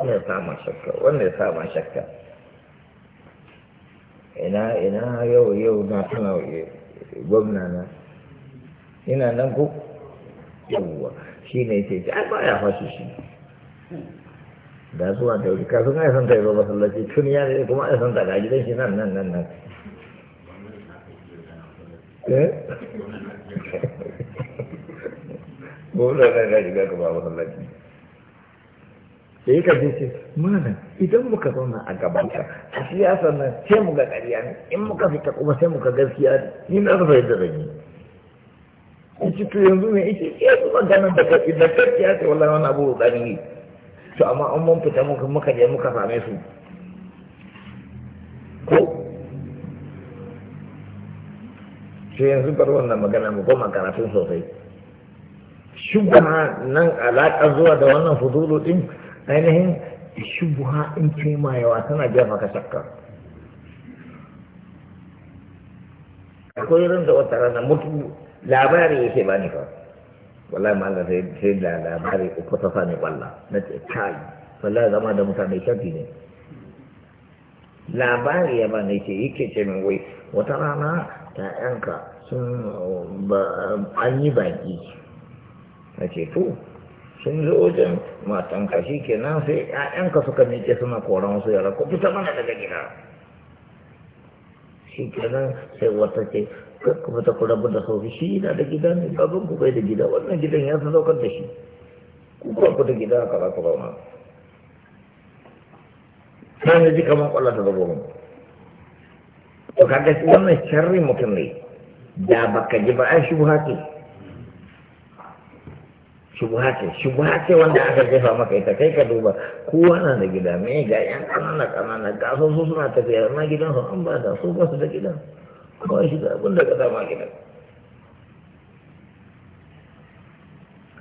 Wannan ya sama shakka wannan ya sama shakka ina ina yau yau na tuna eh, gwamna na ina nan ku? yawwa shi ne ce ce ai baya fashe shi da zuwa da wuri kafin ai santa ta zo zuwa masallaci tun ya ne kuma ai san ta ga gidan shi nan nan nan nan eh? gobe da ga shiga ba masallaci da ya je ce mana idan muka zauna a ka a siyasa na sai mu ga ƙarya ne in muka fita kuma sai muka gaskiya ni na rufe yadda zan yi in ci to yanzu ne ita iya zuwa eh, ganin da kai da ya ce wallahi wani abu ɗan yi to amma an mun fita muka muka je muka same su ko To yanzu bar wannan magana mu goma karatun sosai shugaba nan alaƙa zuwa da wannan fudulu ɗin ainihin shubuha in ce ma yawa tana jefa ka shakka akwai ran da wata rana mutu labari ya yake bani fa wallahi malam sai sai da labari uku ta sani kwalla na ce kai wallahi zama da mutane shafi ne labari ya bani ce yake ce min wai wata rana yanka sun an yi baki na ce to sun zo wajen matanka shi kenan sai 'ya'yanka suka miƙe suna koran wasu yara ko fita mana daga gida shi kenan sai wata ce kakka fita ku rabu da sauri shi yana da gida ne babban ku bai da gida wannan gidan ya san saukar da shi ku ba ku da gida haka kala ku zauna sai na ji kamar ƙwallon ta zabo mun to kaga wannan sharri mutum ne da baka ji ba ai shi buhati. shubha ce shubha ce wanda aka jefa maka ita kai ka duba kowa na da gida me ga yan kanana kanana ga su su suna tafiya na gidan su an ba da su ba su da gidan kawai shi da abin da ka dama gidan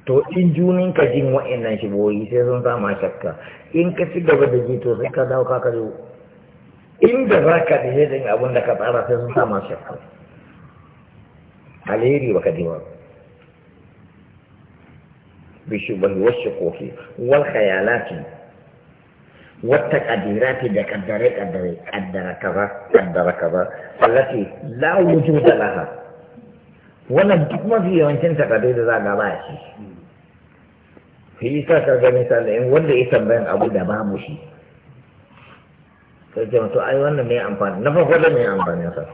to in junin ka jin wa'annan shiboyi sai sun sama shakka in ka ci gaba da ji to sai ka dawo ka kare inda za ka da abin da ka tsara sai sun sama shakka alheri baka ji ba بالشبه والشكوك والخيالات والتقديرات بقدر قدر قدر كذا قدر كذا التي لا وجود لها wannan duk mafi yawancin takardun za ga ba shi shi sa ka ga misali in wanda ya abu da babu shi sai ce to ai wannan mai amfani na farko da mai amfani sa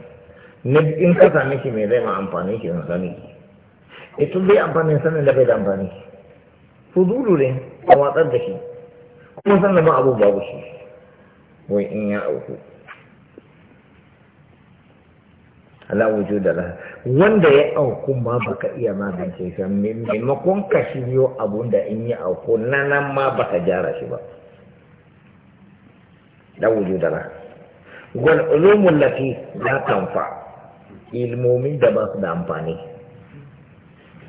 na in ka same shi mai zai ma amfani shi in sani ito bai amfani sanin da bai da amfani fuzulu ne a watsar da shi kuma sannan ma abu babu shi wai in ya auku ala da lahar wanda ya auku ma baka iya ma magance shi maimakon ka shiryo abun da in ya auku na nan ma baka gyara shi ba la wujuda la wal ulumul lati la kamfa ilmomi da ba su da amfani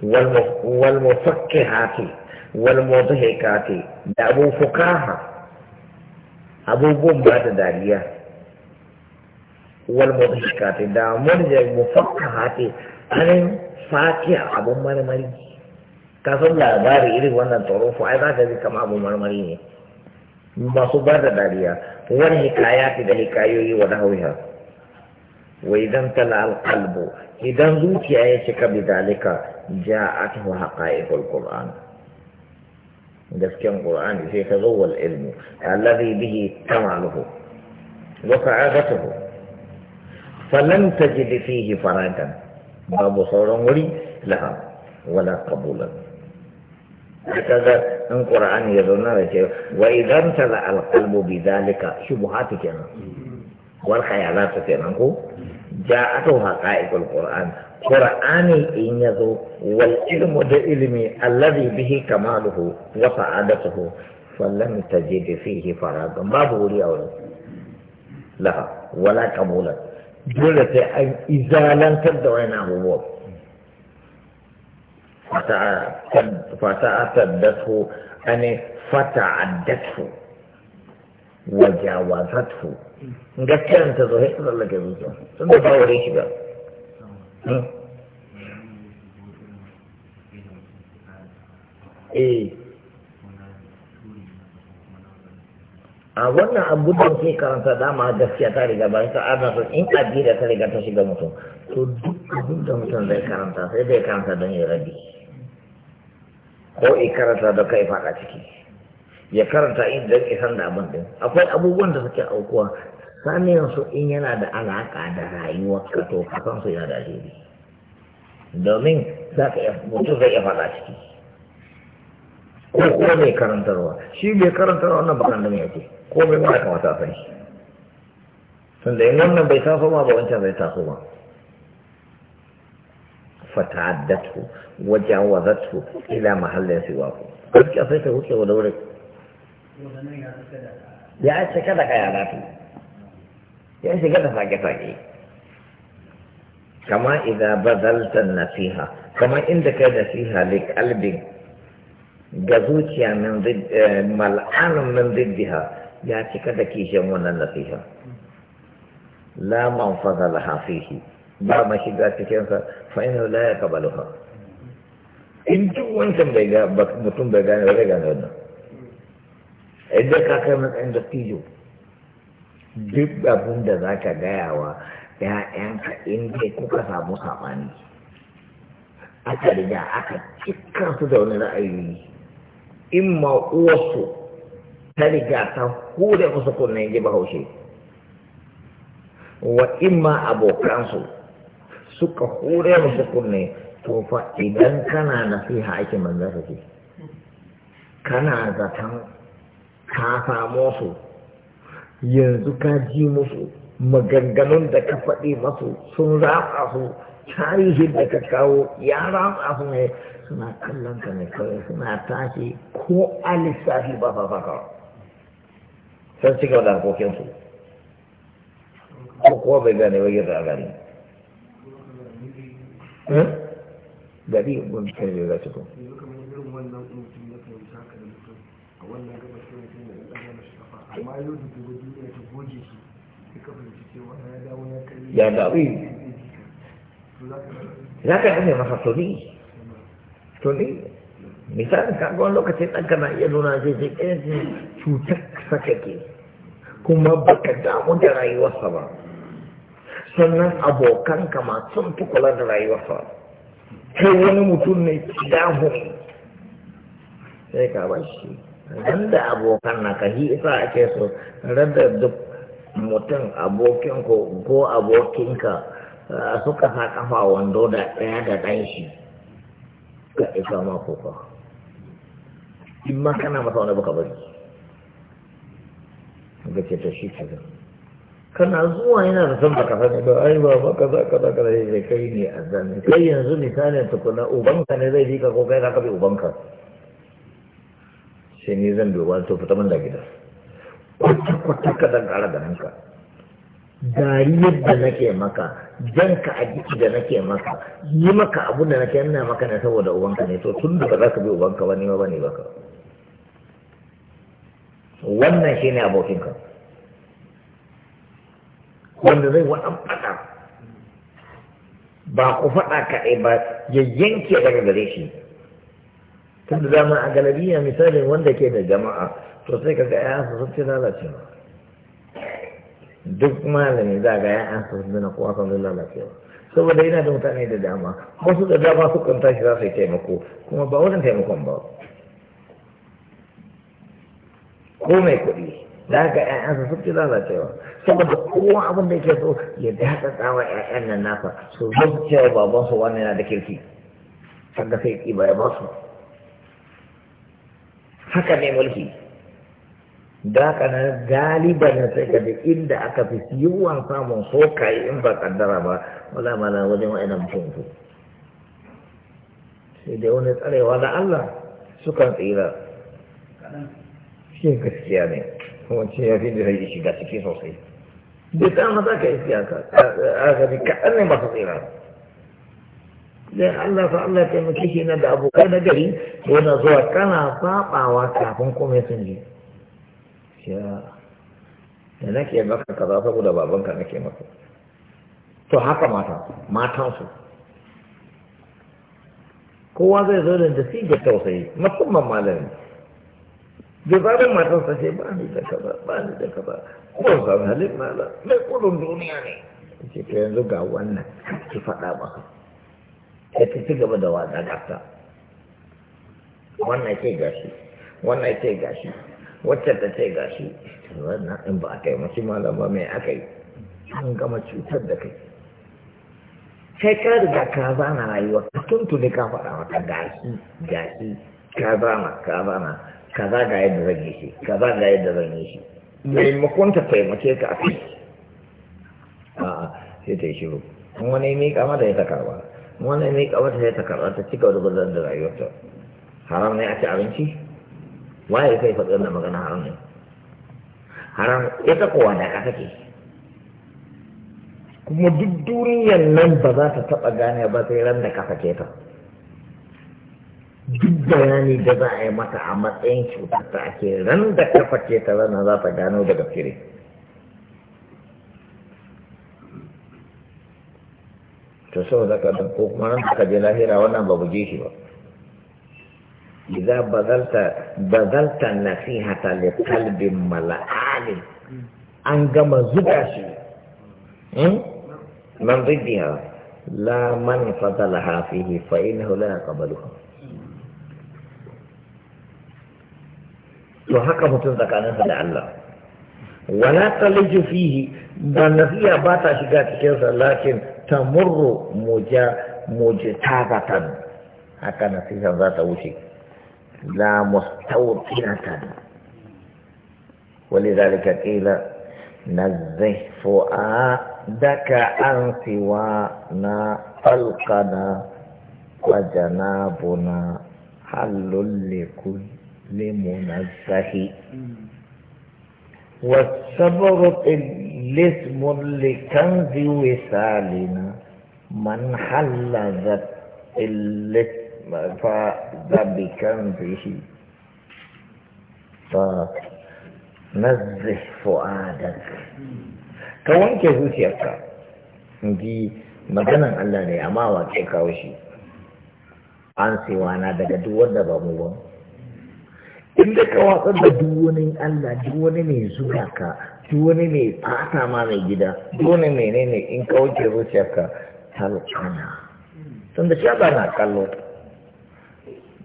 wal hafi wal mudhikati da abu fukaha abubuwan ba da dariya wal mudhikati da murjal mufakkahati anin fatiha abun marmari ka labari irin wannan tsoro ai za ka kama marmari ne masu ba da dariya wani hikayati da hikayoyi wa nahawiha wa idan tala alqalbu idan zuciya ya cika bidalika ja'atuhu haqa'iqul qur'an gasken ƙur'ani sai ka zo wal ilmu allazi bihi kamaluhu wa sa'adatuhu falam tajid fihi faradan babu sauran wuri laha wala qabulan kaga in qur'ani ya zauna da ce wa idan tala al qalbu zalika shubuhatu kenan wal khayalat kenan ko ja'atu haqa'iqul qur'an قرآن إنه والعلم ده علمي الذي به كماله وسعادته فلم تجد فيه فراغا ما بولي أولا لها ولا كمولا دولة إذا لم تدعينا هو فتعددته أن فتعدته وجاوزته قد كانت تظهر لك يا بوزو ثم بوريش Eh. a wannan abubuwan sun karanta dama gaskiya ta riga bayan ta ana su in addini ta riga ta shiga mutum to duk abin da mutum zai karanta sai zai karanta don ya rabi ko ya karanta da kai faɗa ciki ya karanta inda ya san da abin din akwai abubuwan da suke aukuwa sanin su in yana da alaƙa da rayuwar ka to kasan su yana da alheri domin za ka iya mutum zai iya faɗa ciki ko ko mai karantarwa shi bai karantarwa wannan bakan da mai yake ko mai ba kamata san shi tunda in wannan bai taso ma ba wancan bai taso ma fata'addatu wajawazatu ila mahallin siwaku gaskiya sai ta wuce wa daure ya cika da kayalatu ya shiga da fage-fage kama idan bazalta nasiha kama inda kai nasiha li kalbin da zuciya min eh, mal'anun zai ziddiha ya cika da kishin wannan nasiha la man fadala hafihi ba ma shiga cikin sa fa inna la yaqbaluha in duk wancan bai ga mutum bai gane bai gane wannan idan ka kai matsayin da tijo duk abin da za ka gaya wa ‘ya'yanka in dai kuka samu saɓani aka riga aka cikar su da wani ra'ayi in ma uwarsu ta riga ta hure musu kunnen ji bahaushe wa in abokansu suka hure musu kunne to fa idan kana nasiha ake manzan sake kana zaton ka samo su yanzu ka ji musu maganganun da ka faɗi masu sun zaɓa su tarihin da ka kawo yara masu ne suna kallon ka ne kawai suna tashi ko alisafi lissafi ba sa saka sun ci gaba da harkokinsu ko kuwa bai gane wa da a gani hmm? gari gun kai da za cikin ya dawo ya kan masa tuni tuni misali ka gwan lokacin ɗan kana iya nuna eh, sai sai ɗaya sakit ini. kuma baka damu da rayuwarsa ba sannan abokan kama sun fi kula da rayuwarsa kai wani mutum ne damu sai ka ba abokan na ka shi isa ake so rada duk mutum abokin ko abokinka suka sa kafa wando da ɗaya da ɗan shi ka isa ma kuka in ma kana masa wani baka bari ga ce ta shi kaza kana zuwa yana da san baka sani ba ai ba ba kaza kaza kaza sai eh, eh, kai ne a zane kai yanzu misalin tukuna ubanka ne zai bi ka ko kai za ka bi ubanka sai ni zan bi ubanka to fita min da gida kwata-kwata ka dangara da nanka. dariyar da nake maka jan ka a jiki da nake maka yi maka abun da nake yana maka ne saboda ubanka ne to tun da ba za ka bi ubanka ba nima ba ne baka wannan shi ne abokinka wanda zai waɗan faɗa ba ku faɗa kaɗai ba ya yanke daga gare shi tun da dama a galabiya misalin wanda ke da jama'a to sai ka ga su sun fi lalacewa duk malami za ga ya an sabu na kowa kan lalacewa saboda yana da mutane da dama wasu da dama su kan tashi za su yi taimako kuma ba wajen taimakon ba ko mai kuɗi da haka ƴaƴansa su fi lalacewa saboda kowa abin da yake so ya haka tsawa 'ya'yan nan nasa su zan su cewa baban su wannan yana da kirki haka sai ƙiba ya ba su haka ne mulki da kana galiba na sai ka da inda aka fi yiwuwa samun sokaye in ba kaddara ba wala mala wajen wa'ina mutum sai dai wani tsarewa da Allah sukan tsira shi gaskiya ne shi ya fi da shi ga ciki sosai da ta maza ka yi siyasa a gari kaɗan ne masu tsira dan Allah fa Allah taimake shi na da abokai na gari ko na zuwa kana sabawa kafin kuma sun je da nake maka kaza saboda babanka nake maka to haka mata matan su kowa zai zo da dafi da tausayi musamman malami da zaɓin sa ce ba ni da kaza ba ni da kaza kuma san halin mala mai kudin duniya ne ce ka yanzu ga wannan ki faɗa ba ka ci ci gaba da wadatarta wannan ke gashi wannan ke gashi wacce ta ce gashi wannan in ba a taimaki malam malama mai aka yi an gama cutar da kai sai ka riga ka zana rayuwa Ka tuntuni ka faɗa maka gashi gashi ka zana ka zana kaza ga yadda zan yi shi za ga yadda zan yi shi maimakon ta taimake ka a kai a'a sai ta yi shiru wani miƙa mata ya ta karɓa wani miƙa mata ya ta karɓa ta cika da gudanar da rayuwarta haram ne a ci abinci waye kai faɗi wannan magana haram ne haram ita kowa da ka take kuma duk duniyar nan ba za ta taɓa gane ba sai ran da ka kake ta duk bayani da za a yi mata a matsayin cutar ta ake ran da ka kake ta ranar za ta gano daga fire to sau da ka ko kuma ran da ka je lahira wannan ba buge shi ba إذا بذلت بذلت النصيحة لقلب ملعال عندما زكاشي إيه؟ من ضدها لا من فضلها فيه فإنه لا يقبلها وهكذا تنزك أن أنزل الله ولا تلج فيه من فيها باتا شكاك كيرسا لكن تمر مجتابة هكذا نصيحة ذات وشك لا مستوطنة ولذلك قيل نزه فؤادك عن سوانا خلقنا وجنابنا حل لكل منزه والصبر الاسم لكنز وسالنا من حل ذات اللسم zabi fu'adak ka wanke zuciyarka in ji maganan Allah ne amma wace kawo shi an sewa na daga duk wanda ba mu ba in da ka watsa da duk wani Allah duk wani mai zuga ka duk wani mai fata ma mai gida duk wani ne in ka wanke zuciyarka talqana tunda shi ba na kallo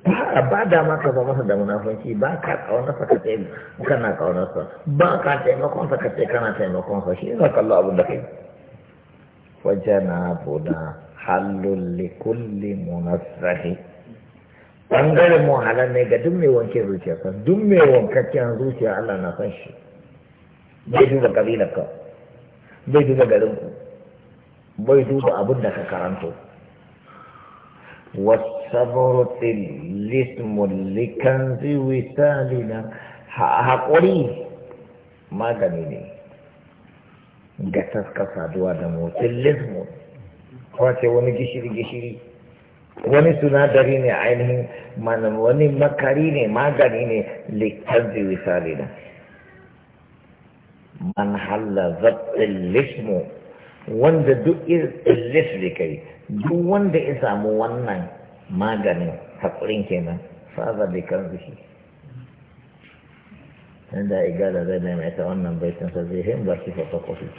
ba da ma ka ba masa da munafanci ba ka kauna sa ce kana kauna sa ba ka ma kon sa ce kana kon sa shi ne kallo abin da kai wajana buda halul li kulli munassahi bangaren mu halal ne ga duk mai wanke zuciya san duk mai wankakken zuciya Allah na san shi bai duba kabilar ka bai duba garin ku bai duba abin da ka karanto صبرت الاسم لكنز وسالنا haƙuri magani ne ga taskar saduwa da motsin lismu kwace wani gishiri-gishiri wani sunadari ne ainihin malam wani makari ne magani ne likan ziwi salina man halla zaɓin lismu wanda duk irin lismu kai duk wanda ya samu wannan maganin haƙurin kenan faza da kan zuhi inda igala zai da ta wannan baitin sa zai hin ba shi kofi